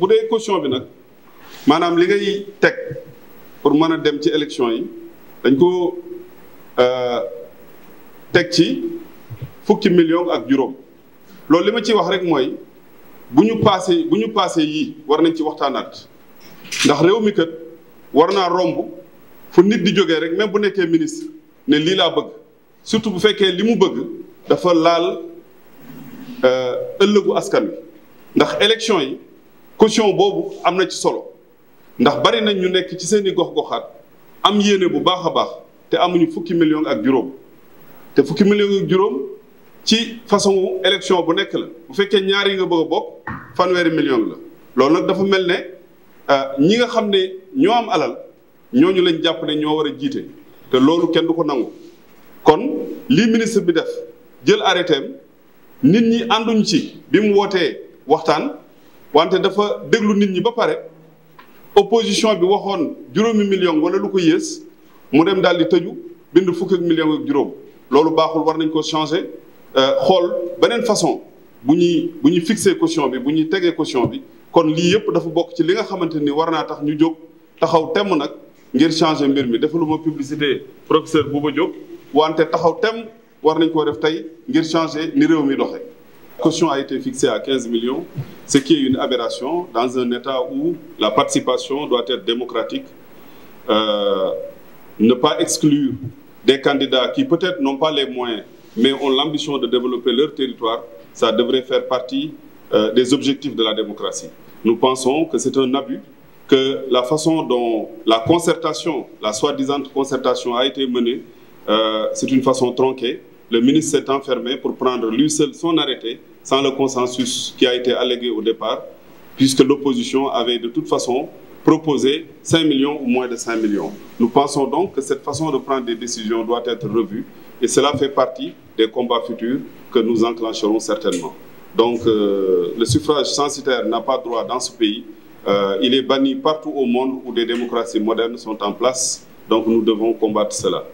bu dee caution bi nag maanaam li ngay teg pour mën a dem ci élection yi dañ ko euh, teg ci fukki million ak juróom loolu li ma ciy wax rek mooy bu ñu paasee bu ñu paasee yii war nañ ci waxtaanaat ndax réew mi kat war naa romb fu nit di jógee rek même bu nekkee ministre ne lii laa bëgg surtout bu fekkee li mu bëgg dafa laal euh, ëllëgu askan wi ndax élection yi caution boobu am na ci solo ndax bari nañ ñu nekk ci seen i gox-goxaat am yéene bu baax a baax te amuñu fukki million ak juróom te fukki million ak juróom ci façon élection bu nekk la bu fekkee ñaari yi nga bëgg a bokk fanweeri million la loolu nag dafa mel ne euh, ñi nga xam ne ñoo am alal ñooñu lañ jàpp ne ñoo war a jiite te loolu kenn du ko nangu kon lii ministre bi def jël arrêté nit ñi ànduñ ci bi mu wootee waxtaan wante dafa déglu nit ñi ba pare opposition bi waxoon juróomi million wala lu ko yées mu dem daal di tëju bind fukk ak million juróom loolu baaxul war nañ ko changer euh, xool beneen façon bu ñuy bu ñuy fixer caution bi bu ñuy tegee caution bi kon lii yëpp dafa bokk ci li nga xamante ni war naa tax ñu jóg taxaw temm nag ngir changer mbir mi defalu ma publicité professeur Bouba Diop wante taxaw temm war nañ koo def tey ngir changer ni réew mi doxee caution a été fixée à 15 millions, ce qui est une aberration dans un État où la participation doit être démocratique. Euh, ne pas exclure des candidats qui peut-être n'ont pas les moyens, mais ont l'ambition de développer leur territoire, ça devrait faire partie euh, des objectifs de la démocratie. Nous pensons que c'est un abus, que la façon dont la concertation, la soi-disant concertation a été menée, euh, c'est une façon tronquée. Le ministre s'est enfermé pour prendre lui seul son arrêté sans le consensus qui a été allégué au départ, puisque l'opposition avait de toute façon proposé 5 millions ou moins de 5 millions. Nous pensons donc que cette façon de prendre des décisions doit être revue et cela fait partie des combats futurs que nous enclencherons certainement. Donc euh, le suffrage censitaire n'a pas droit dans ce pays. Euh, il est banni partout au monde où des démocraties modernes sont en place. Donc nous devons combattre cela.